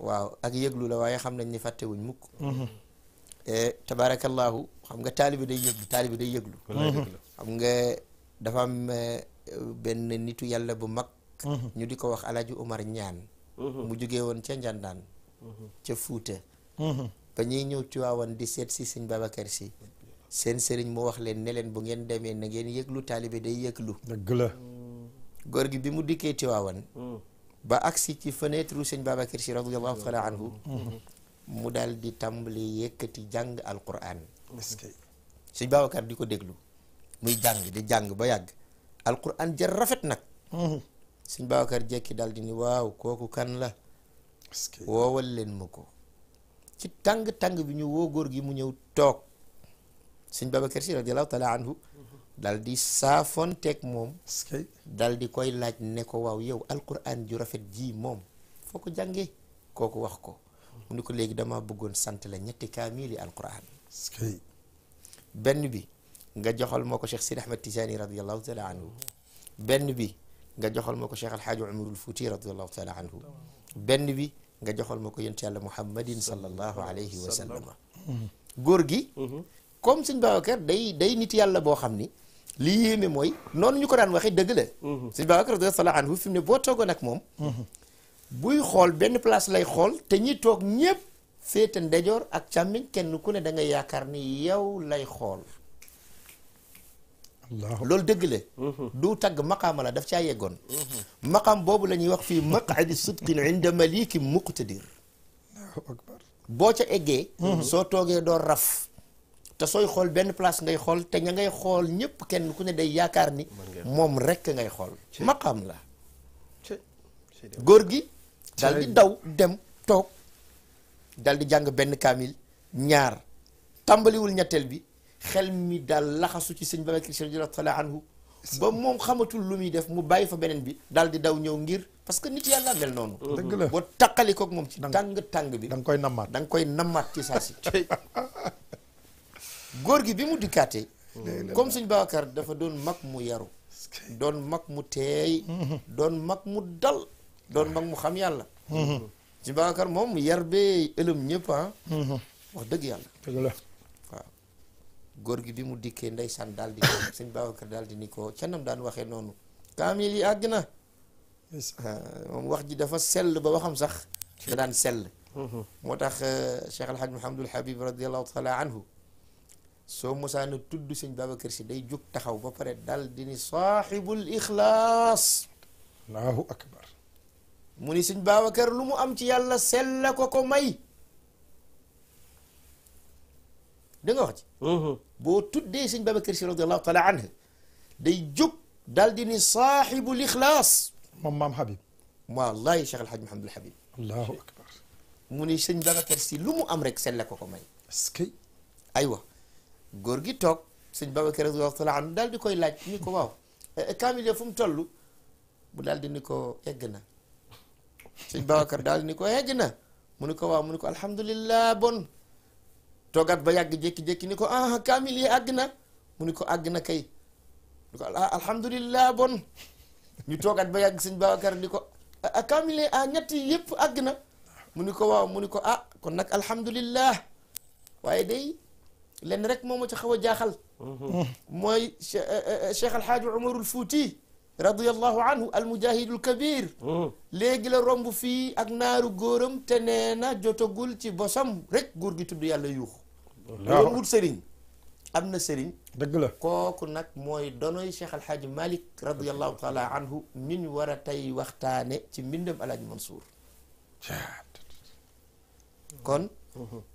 waaw ak yëglu la waaye xam nañ ni fàttewuñ mukk mhm. e, tabaarakallaahu xam nga taalibi day yëglu taalibi day yëglu mhm. xam nga dafa am e, benn nitu yàlla bu mag mhm. ñu di ko wax alaji Umar ñaan mu jógee woon ca njàndaan ca fuuta ba ñuy ñëw Tiwaawan di seet si sëñ Babacar si seen sëriñ mu wax leen ne leen bu ngeen demee na ngeen yëglu taalibi day yëglu dëgg la góor gi bi mu dikkee Tiwaawan ba agsi ci fenêtre u sëñ Babacar si radiallahu taala anhu mu daal di tàmbali yëkkati jàng alquran sëñ Babacar di ko déglu muy jàng di jàng ba yàgg alquran ja rafet nag mhm. sëñ Babacar jekki dal di ni waaw kooku kan la woowal leen ma ko ci tàng-tàng bi ñu woo góor gi mu ñëw toog sëñ Babacar si radiallahu taala anhu dal di saafonteeg moom. dal di koy laaj ne ko waaw yow alquran ju rafet jii moom foo ko jàngee kooku wax ko. mu ni ko léegi damaa bëggoon sant la ñetti kaamili alquran. benn bi nga joxal moo ko Cheikh Sidi Ahmed Tijani radiallahu taala anhu benn bi nga joxal moo ko Cheikh Alxaaji Umarul Fuuti radiallahu taala anhu benn bi nga joxal moo ko yonent yàlla Muhammadin sallallahu alayhi wa sallama góor gi mm-hmm. comme suñ Babacar day day nit yàlla boo xam ni li yéeme mooy noonu ñu ko daan waxee dëgg la mhm. sëñ Babacar radiyallahu anhu fi mu ne boo toogoon ak moom mhm. buy xool benn place lay xool te ñi toog ñëpp féete ndejoor ak càmmiñ kenn ku ne da yaakaar ni yow lay xool loolu dëgg la mhm. du tagg maqaama la daf caa yeggoon maqaam boobu la ñuy wax fii maqadi sidqin inda maliki muqtadir boo ca eggee soo toogee doo raf te sooy xool benn place ngay xool te nga ngay xool ñëpp kenn ku ne day yaakaar ni moom rekk ngay xool maqaam la góor gi dal di daw dem toog dal di jàng benn kaamil ñaar tàmbaliwul ñetteel bi xel mi daal laxasu ci sëñ Babacar Sy radiyallaahu taala anhu ba moom xamatul lu muy def mu bàyyi fa beneen bi daal di daw ñëw ngir parce que nit yàlla mel noonu dëgg la boo taqalikook moom ci tàng tàng bi da nga koy nammaat da nga koy nammaat ci saa si góor gi bi mu dikkaatee comme suñ Babacar dafa doon mag mu yaru doon mag mu teey doon mag mu dal doon mag mu xam yàlla suñ Babacar moom yar bee ëlëm ñëpp ah. wax dëgg yàlla dëgg góor gi bi mu dikkee ndeysaan daal di suñ Babacar daal di ni ko canam daan waxee noonu kaamil yi àgg na ah, wax ji dafa sell ba waxam sax da daan sell mm-hmm. moo tax euh, Cheikh Alhaj Mouhamadul Habib radiallahu taala anhu soo mosaana tudd sëñ Babacar si day jóg taxaw ba pare dal di ni saaxibul ixlaas allahu akbar mu ni sëñ Babacar lu mu am ci yàlla sell ko ko may da nga wax ci boo tuddee sëñ Babacar si radiallahu taala anhu day jóg dal di ni saaxibul ixlaas moom maam Habib wallahi Cheikh Alhaj Mahamadul Habib allahu akbar mu ni sëñ Babacar si lu mu am rek sell ko ko may est-ce que aywa góor gi toog sëñ Babacar radiyallahu taala anhu daal di koy laaj ni ko waaw kaamil mu toll bu daal di ni ko egg na sëñ Babacar daal ko egg na mu ni ko waaw mu ni ko alhamdulillah bon toogaat ba yàgg jékki-jékki ni ko ah kaamil yi àgg na mu ni ko àgg na kay ni alhamdulillah bon ñu toogaat ba yàgg sëñ Babacar ni ko ah kaamil yi àgg na mu ni ko waaw mu ni ko ah kon nag alhamdulillah waaye day لان رك مو متخوى جاخل موي شيخ الحاج عمر الفوتي رضي الله عنه المجاهد الكبير ليغ لا رومب في اك نار غورم تنينا جوتو غول تي بوسام رك غور غي تود يالا يوخ لوغول سيرين امنا سيرين دغ لا كوكو ناك موي دوناي شيخ الحاج مالك رضي الله تعالى عنه من ورا تاي وقتاني تي ميندم الحاج منصور كون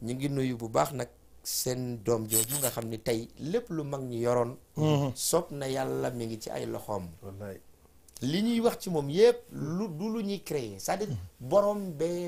نيغي نويو بو باخ ناك seen doom jooju nga xam ni tey lépp lu mag ñu yoroon mm-hmm. sob na yàlla mi ngi ci ay loxoom li ñuy wax ci moom yépp lu du lu ñuy créer c'est-à-dire mm-hmm. bee